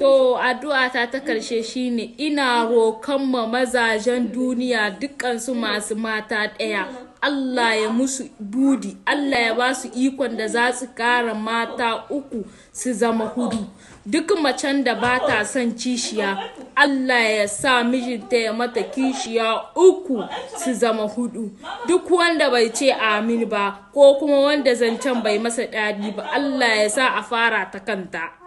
To addu'ata ta karshe shine ina rokan ma mazajen duniya su masu mata ɗaya. Allah ya musu budi, Allah ya ba su ikon da za su kara mata uku su zama hudu. Duk macen da ba ta son kishiya, Allah ya sa mijinta ya mata kishiya uku su zama hudu. Duk wanda bai ce amin ba, ko kuma wanda zancen bai masa dadi ba, Allah ya sa a fara ta kanta.